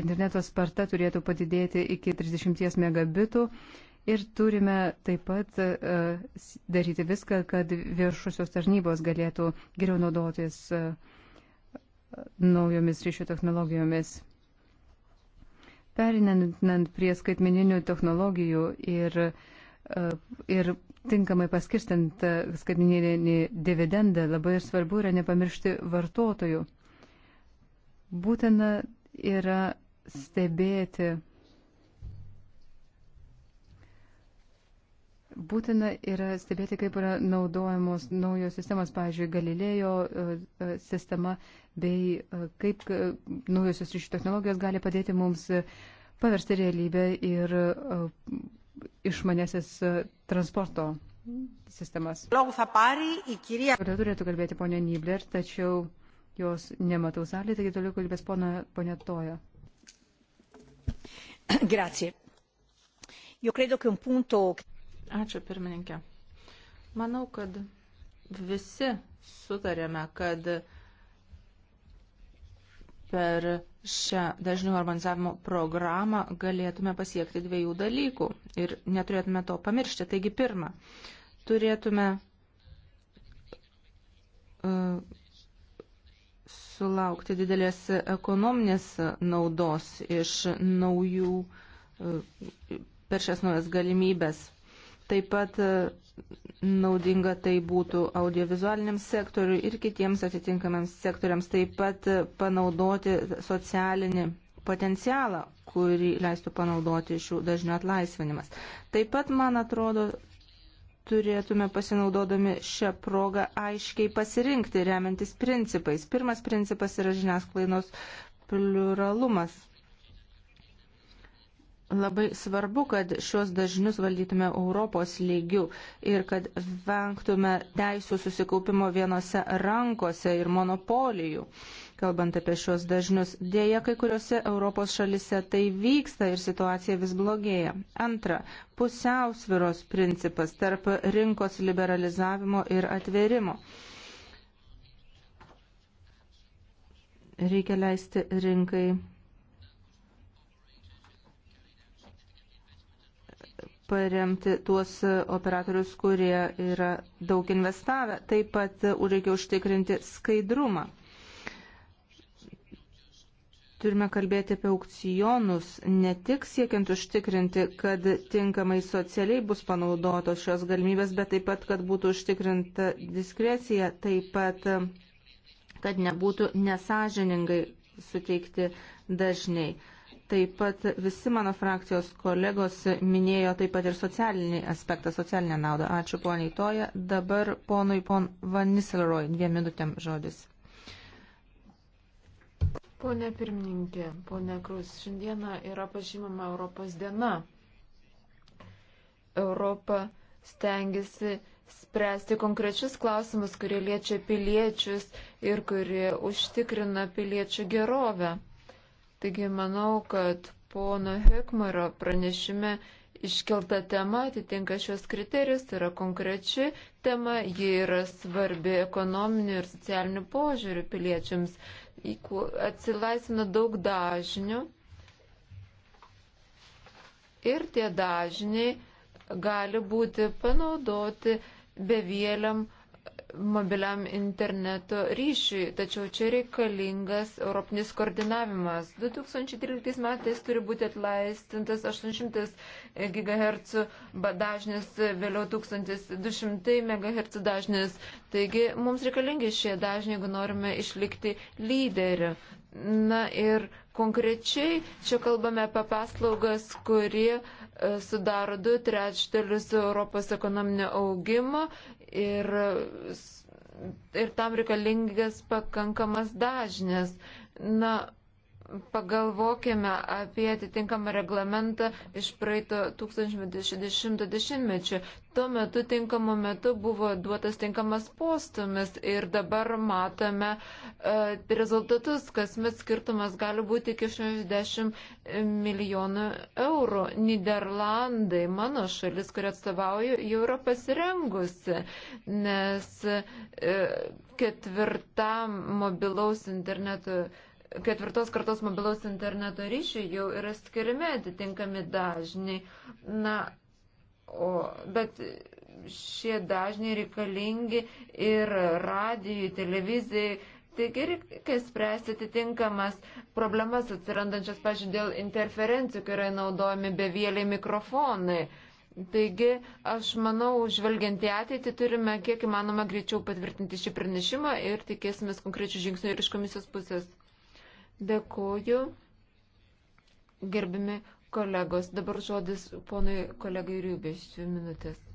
interneto sparta turėtų padidėti iki 30 megabitų Ir turime taip pat e, daryti viską, kad viešusios tarnybos galėtų geriau naudotis e, naujomis ryšių technologijomis. Perinant prie skaitmeninių technologijų ir, e, ir tinkamai paskirstant skaitmeninį dividendą, labai svarbu yra nepamiršti vartotojų. Būtina yra stebėti Būtina yra stebėti, kaip yra naudojamos naujos sistemos, pavyzdžiui, Galilėjo e, e, sistema, bei e, kaip naujosios ryšių technologijos gali padėti mums paversti realybę ir išmanesis transporto sistemas. Kodėl turėtų kalbėti ponia Nibler, tačiau jos nematau salėje, taigi toliau kalbės ponia Toja. Grazie. Io credo che un punto Ačiū pirmininkė. Manau, kad visi sutarėme, kad per šią dažnių harmonizavimo programą galėtume pasiekti dviejų dalykų ir neturėtume to pamiršti. Taigi pirma, turėtume uh, sulaukti didelės ekonominės naudos iš naujų, uh, per šias naujas galimybės Taip pat e, naudinga tai būtų audiovizualiniam sektoriui ir kitiems atitinkamams sektoriams. Taip pat e, panaudoti socialinį potencialą, kurį leistų panaudoti šių dažnių atlaisvinimas. Taip pat, man atrodo, turėtume pasinaudodami šią progą aiškiai pasirinkti, remiantis principais. Pirmas principas yra žiniasklaidos pluralumas. Labai svarbu, kad šios dažnius valdytume Europos lygių ir kad vengtume teisų susikaupimo vienose rankose ir monopolijų. Kalbant apie šios dažnius, dėja kai kuriuose Europos šalise tai vyksta ir situacija vis blogėja. Antra, pusiausviros principas tarp rinkos liberalizavimo ir atverimo. Reikia leisti rinkai paremti tuos operatorius, kurie yra daug investavę. Taip pat reikia užtikrinti skaidrumą. Turime kalbėti apie aukcionus, ne tik siekiant užtikrinti, kad tinkamai socialiai bus panaudotos šios galimybės, bet taip pat, kad būtų užtikrinta diskrecija, taip pat, kad nebūtų nesažiningai suteikti dažniai. Taip pat visi mano frakcijos kolegos minėjo taip pat ir socialinį aspektą, socialinę naudą. Ačiū poniai Toja. Dabar ponui pon Van Nisselrooy, dviem minutėm žodis. Pone pirmininkė, pone Krus, šiandieną yra pažymama Europos diena. Europa stengiasi spręsti konkrečius klausimus, kurie liečia piliečius ir kurie užtikrina piliečių gerovę. Taigi manau, kad pono Hekmaro pranešime iškelta tema atitinka šios kriterijus, tai yra konkreči tema, ji yra svarbi ekonominiu ir socialiniu požiūriu piliečiams, atsilaisvina daug dažnių ir tie dažniai gali būti panaudoti bevėliam mobiliam interneto ryšiui, tačiau čia reikalingas europinis koordinavimas. 2013 metais turi būti atlaistintas 800 GHz dažnis, vėliau 1200 MHz dažnis. Taigi mums reikalingi šie dažniai, jeigu norime išlikti lyderiu. Na ir Konkrečiai čia kalbame apie paslaugas, kurie sudaro du trečdalius Europos ekonominio augimo ir, ir tam reikalingas pakankamas dažnis. Na, pagalvokime apie atitinkamą reglamentą iš praeito 1960-mečio. Tuo metu tinkamu metu buvo duotas tinkamas postumis ir dabar matome e, rezultatus, kasmet skirtumas gali būti iki 60 milijonų eurų. Niderlandai, mano šalis, kurią atstovauju, jau yra pasirengusi, nes e, ketvirtam mobilaus interneto ketvirtos kartos mobilaus interneto ryšių jau yra skiriami atitinkami dažniai. Na, o, bet šie dažniai reikalingi ir radijui, televizijai. Taigi reikia spręsti atitinkamas problemas atsirandančias, pažiūrėjau, dėl interferencijų, kai yra naudojami bevėliai mikrofonai. Taigi, aš manau, žvelgiant į ateitį, turime kiek įmanoma greičiau patvirtinti šį pranešimą ir tikėsimės konkrečių žingsnių ir iš komisijos pusės. Dėkoju, gerbimi kolegos. Dabar žodis ponui kolegai Rybėšiui minutės.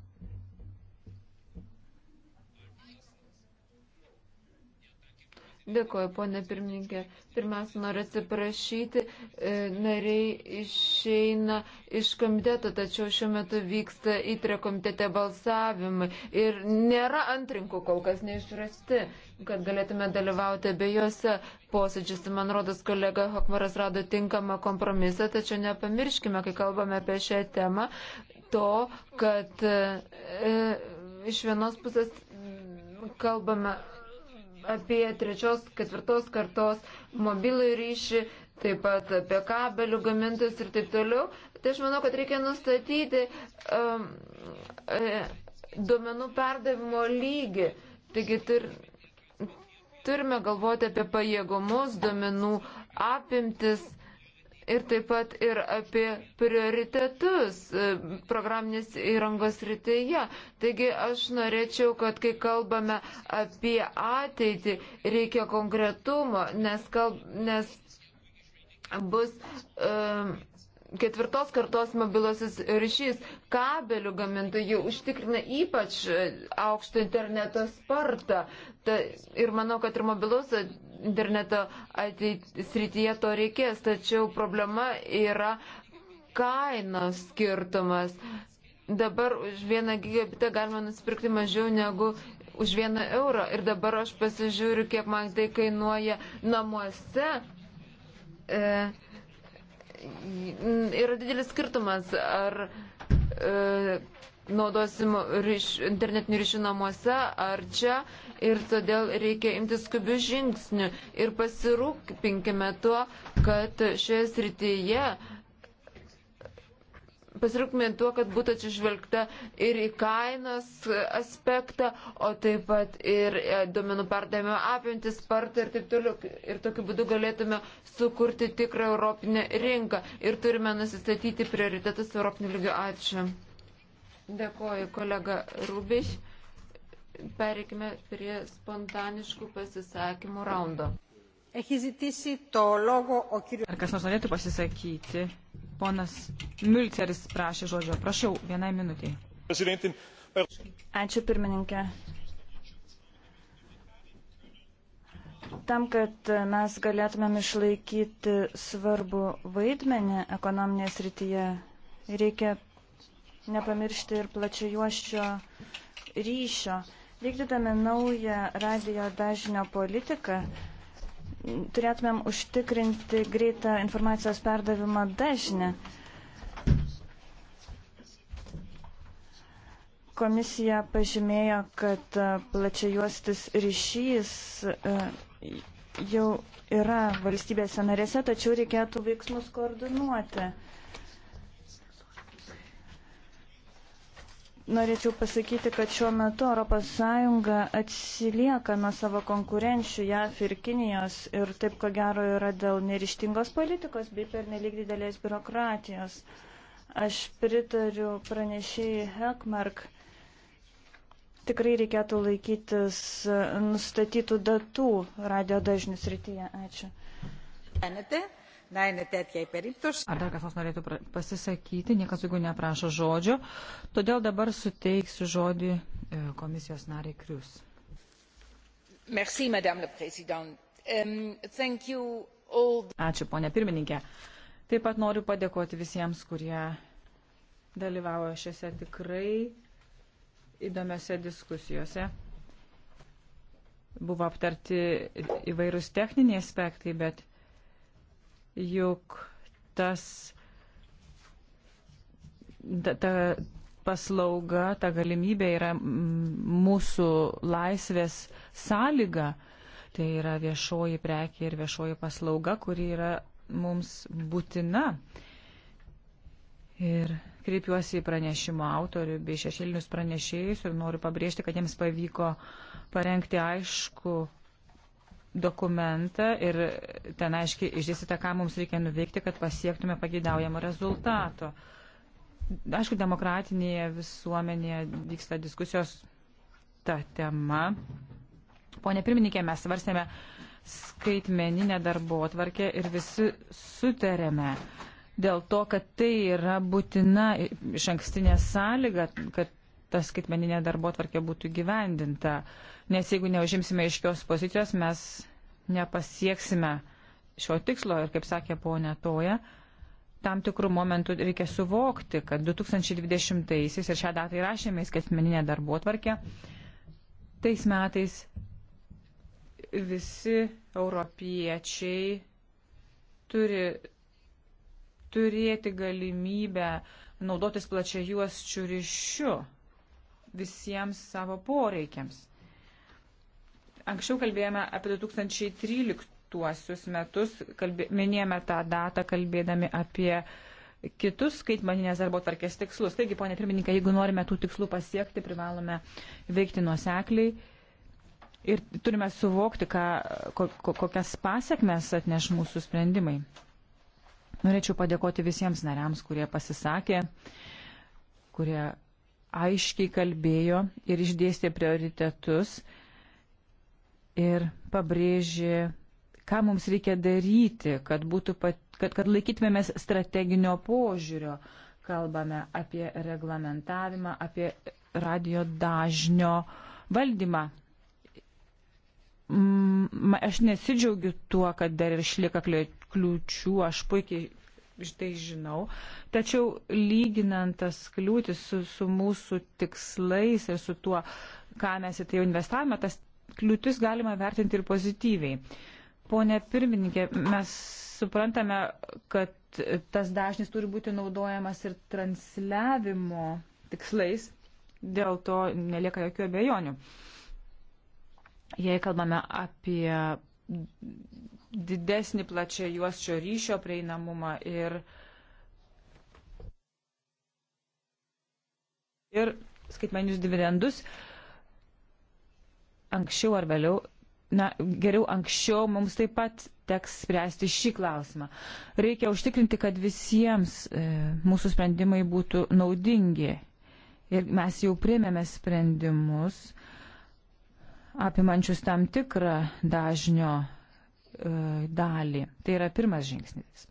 Dėkuoju, ponė pirmininkė. Pirmiausia, noriu atsiprašyti, e, nariai išeina iš komiteto, tačiau šiuo metu vyksta įtrio komitete balsavimai ir nėra antrinkų kol kas neišrasti, kad galėtume dalyvauti abiejose posėdžiuose. Man rodos, kolega Hokmaras rado tinkamą kompromisą, tačiau nepamirškime, kai kalbame apie šią temą, to, kad e, iš vienos pusės kalbame apie trečios, ketvirtos kartos mobilų ryšį, taip pat apie kabelių gamintus ir taip toliau. Tai aš manau, kad reikia nustatyti um, e, duomenų perdavimo lygį. Taigi tur, turime galvoti apie pajėgumus, duomenų apimtis ir taip pat ir apie prioritetus e, programinės įrangos rytyje. Taigi aš norėčiau, kad kai kalbame apie ateitį, reikia konkretumo, nes, kalb, nes bus. Um, ketvirtos kartos mobilusis ryšys kabelių gamintojai užtikrina ypač e, aukštą interneto spartą. Ta, ir manau, kad ir mobilus interneto srityje to reikės, tačiau problema yra kainos skirtumas. Dabar už vieną gigabitą galima nusipirkti mažiau negu už vieną eurą. Ir dabar aš pasižiūriu, kiek man tai kainuoja namuose. E, yra didelis skirtumas, ar e, naudosim ryš, internetinių ryšių namuose ar čia ir todėl reikia imtis skubių žingsnių ir pasirūpinkime tuo, kad šioje srityje pasirūpime tuo, kad būtų atsižvelgta ir į kainos aspektą, o taip pat ir e, duomenų perdavimo apimtis, spartą ir taip toliau. Ir tokiu būdu galėtume sukurti tikrą europinę rinką ir turime nusistatyti prioritetus europinių lygių. Ačiū. Dėkoju, kolega Rubiš. Pereikime prie spontaniškų pasisakymų raundo. Ar kas nors norėtų pasisakyti? Ponas Mülceris prašė žodžio. Prašau, vienai minutiai. Ačiū pirmininkė. Tam, kad mes galėtumėm išlaikyti svarbų vaidmenį ekonominėje srityje, reikia nepamiršti ir plačiajuoščio ryšio. Vykdydami naują radio dažnio politiką, turėtumėm užtikrinti greitą informacijos perdavimo dažnį. Komisija pažymėjo, kad plačia juostis ryšys e, jau yra valstybėse narėse, tačiau reikėtų veiksmus koordinuoti. norėčiau pasakyti, kad šiuo metu ES atsilieka nuo savo konkurenčių JAF ir Kinijos ir taip ko gero yra dėl nerištingos politikos bei pernelyg didelės biurokratijos. Aš pritariu pranešėjai Hekmark tikrai reikėtų laikytis nustatytų datų radio dažnių srityje. Ačiū. Ar dar kas nors norėtų pasisakyti, niekas jeigu neprašo žodžio, todėl dabar suteiksiu žodį e, komisijos nariai Krius. Merci, madame la présidente. Um, thank you all. Ačiū, ponė pirmininkė. Taip pat noriu padėkoti visiems, kurie dalyvavo šiose tikrai įdomiose diskusijose buvo aptarti įvairūs techniniai aspektai, bet juk tas ta, ta paslauga, ta galimybė yra mūsų laisvės sąlyga. Tai yra viešoji prekė ir viešoji paslauga, kuri yra mums būtina. Ir kreipiuosi į pranešimo autorių bei šešėlinius pranešėjus ir noriu pabrėžti, kad jiems pavyko parengti aišku dokumentą ir ten aiškiai išdėstyta, ką mums reikia nuveikti, kad pasiektume pageidaujamo rezultato. Aišku, demokratinėje visuomenėje vyksta diskusijos ta tema. Pone pirmininkė, mes svarstėme skaitmeninę darbo atvarkę ir visi sutarėme dėl to, kad tai yra būtina iš ankstinė sąlyga, kad ta skaitmeninė darbo atvarkė būtų gyvendinta. Uh, nes jeigu neužimsime iškios pozicijos, mes nepasieksime šio tikslo ir, kaip sakė ponė Toja, tam tikrų momentų reikia suvokti, kad 2020-aisiais ir šią datą įrašėme į skaitmeninę darbo tvarkę, tais metais visi europiečiai turi turėti galimybę naudotis plačiajuosčių ryšiu visiems savo poreikiams. Anksčiau kalbėjome apie 2013 metus, kalbė, minėjome tą datą kalbėdami apie kitus skaitmaninės darbo tvarkės tikslus. Taigi, ponė pirmininkė, jeigu norime tų tikslų pasiekti, privalome veikti nuosekliai ir turime suvokti, ką, ko, ko, kokias pasiekmes atneš mūsų sprendimai. Norėčiau padėkoti visiems nariams, kurie pasisakė, kurie aiškiai kalbėjo ir išdėstė prioritetus ir pabrėžė, ką mums reikia daryti, kad, pat, kad, kad laikytumėmės strateginio požiūrio. Kalbame apie reglamentavimą, apie radio dažnio valdymą. Mm, aš nesidžiaugiu tuo, kad dar ir išlieka kliūčių, aš puikiai tai žinau. Tačiau lyginant tas kliūtis su, su mūsų tikslais ir su tuo, ką mes į tai jau investavome, tas kliūtis galima vertinti ir pozityviai. Pone pirmininkė, mes suprantame, kad tas dažnis turi būti naudojamas ir transliavimo tikslais, dėl to nelieka jokių abejonių. Jei kalbame apie didesnį plačią juosčio ryšio prieinamumą ir, ir skaitmenius dividendus, uh, anksčiau ar vėliau, na, geriau anksčiau mums taip pat teks spręsti šį klausimą. Reikia užtikrinti, kad visiems e, mūsų sprendimai būtų naudingi. Ir mes jau priemėme sprendimus apimančius tam tikrą dažnio e, dalį. Tai yra pirmas žingsnis.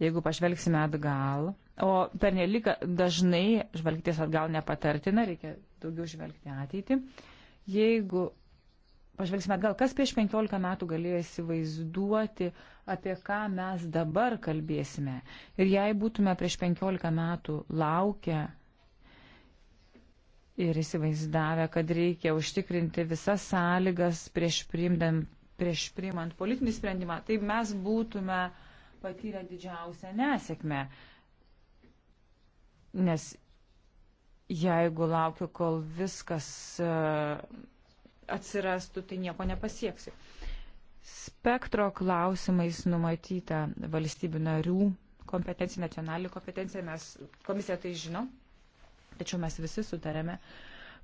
Jeigu pažvelgsime atgal, o per nelik dažnai žvelgtis atgal nepatartina, reikia daugiau žvelgti ateitį. E, Jeigu pažvelgsime atgal, kas prieš 15 metų galėjo įsivaizduoti, apie ką mes dabar kalbėsime. Ir jei būtume prieš 15 metų laukę ir įsivaizdavę, kad reikia užtikrinti visas sąlygas prieš, priimdam, prieš priimant politinį sprendimą, tai mes būtume patyrę didžiausią nesėkmę. Nes Jeigu laukiu, kol viskas e, atsirastų, tai nieko nepasieksiu. Spektro klausimais numatyta valstybių narių kompetencija, nacionalinė kompetencija, mes komisija tai žino, tačiau mes visi sutarėme,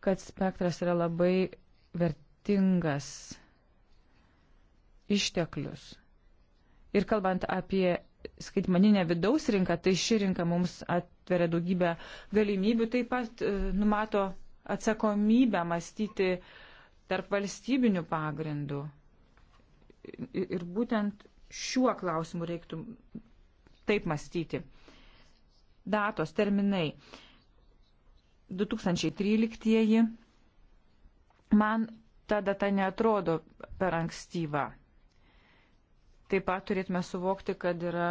kad spektras yra labai vertingas išteklius. Ir kalbant apie skaitmaninę vidaus rinką, tai ši rinka mums atveria daugybę galimybių, taip pat e, numato atsakomybę mąstyti tarp valstybinių pagrindų. Ir būtent šiuo klausimu reiktų taip mąstyti. Datos, terminai. 2013 man ta data netrodo per ankstyva. Taip pat turėtume suvokti, kad yra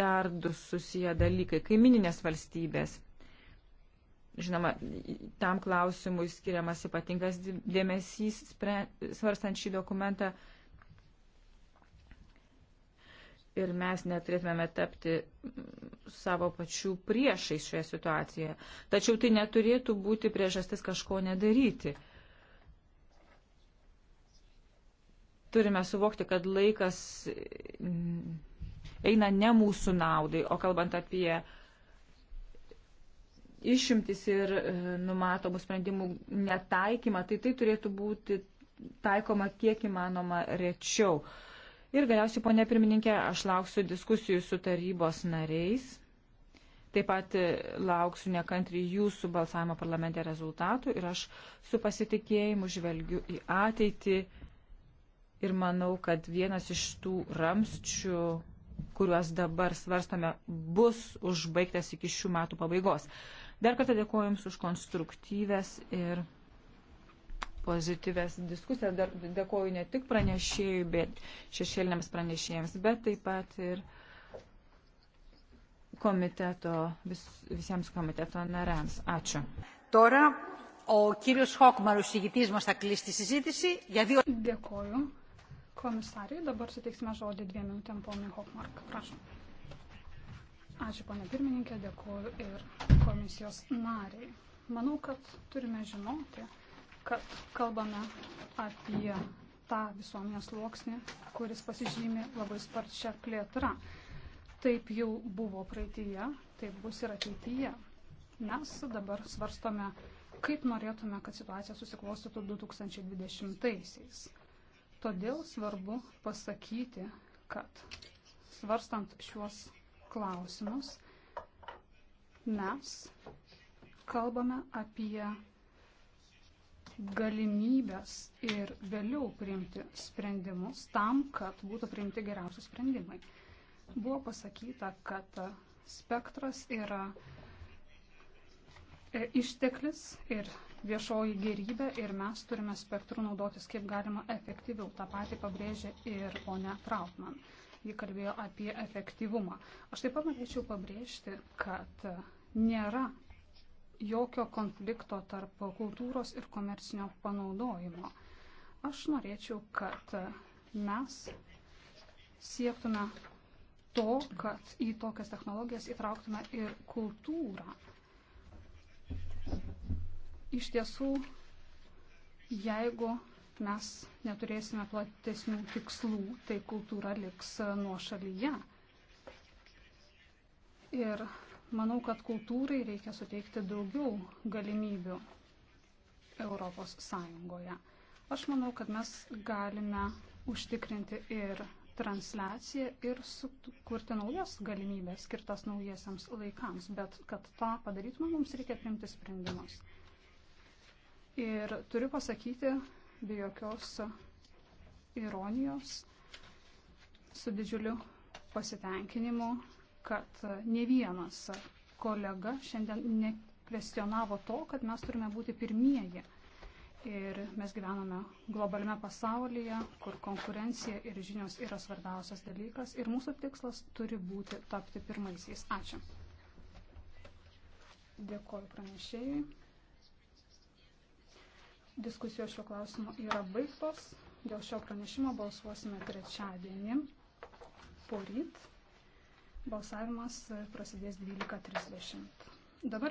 dar du susiję dalykai. Kaimininės valstybės. Žinoma, tam klausimui skiriamas ypatingas dėmesys, svarstant šį dokumentą. Ir mes neturėtume tapti savo pačių priešais šioje situacijoje. Tačiau tai neturėtų būti priežastis kažko nedaryti. turime suvokti, kad laikas mm, eina ne mūsų naudai, o kalbant apie išimtis ir e, numatomų sprendimų netaikymą, tai tai turėtų būti taikoma kiek įmanoma rečiau. Ir galiausiai, ponė pirmininkė, aš lauksiu diskusijų su tarybos nariais. Taip pat e, lauksiu nekantrį jūsų balsavimo parlamente rezultatų ir aš su pasitikėjimu žvelgiu į ateitį ir manau, kad vienas iš tų ramščių, kuriuos dabar svarstame, bus užbaigtas iki šių metų pabaigos. Dar kartą dėkuoju Jums už konstruktyves ir pozityves diskusijas. Dar dėkuoju ne tik pranešėjui, bet šešėliniams pranešėjams, bet taip pat ir komiteto, vis, visiems komiteto nariams. Ačiū. Tora, o kyrius Hokmarus įgytis mus tą klystį įsizytisi. Dėkuoju komisariai. Dabar suteiksime žodį dviem minutėm ponui Hopmark. Prašom. Ačiū, ponė pirmininkė, dėkuoju ir komisijos nariai. Manau, kad turime žinoti, kad kalbame apie tą visuomenės sluoksnį, kuris pasižymi labai sparčia plėtra. Taip jau buvo praeitįje, taip bus ir ateityje. Mes dabar svarstome, kaip norėtume, kad situacija susiklostytų 2020-aisiais. Todėl svarbu pasakyti, kad svarstant šiuos klausimus mes kalbame apie galimybės ir vėliau priimti sprendimus tam, kad būtų priimti geriausi sprendimai. Buvo pasakyta, kad spektras yra e, išteklis ir viešoji gerybė ir mes turime spektru naudotis kaip galima efektyviau. Ta pati pabrėžė ir ponia Trautman. Ji kalbėjo apie efektyvumą. Aš taip pat norėčiau pabrėžti, kad nėra jokio konflikto tarp kultūros ir komercinio panaudojimo. Aš norėčiau, kad mes siektume to, kad į tokias technologijas įtrauktume ir kultūrą. Iš tiesų, jeigu mes neturėsime platesnių tikslų, tai kultūra liks e, nuo šalyje. Ir manau, kad kultūrai reikia suteikti daugiau galimybių Europos Sąjungoje. Aš manau, kad mes galime užtikrinti ir transliaciją ir sukurti naujas galimybės skirtas naujiesiams laikams, bet kad tą padarytume, mums reikia priimti sprendimus. Ir turiu pasakyti, be jokios ironijos, su didžiuliu pasitenkinimu, kad ne vienas kolega šiandien nekvestionavo to, kad mes turime būti pirmieji. Ir mes gyvename globaliame pasaulyje, kur konkurencija ir žinios yra svarbiausias dalykas ir mūsų tikslas turi būti tapti pirmaisiais. Ačiū. Dėkoju pranešėjui. Diskusijos šio klausimo yra baigtos. Dėl šio pranešimo balsuosime trečiadienį. Poryt balsavimas prasidės 12.30. Dabar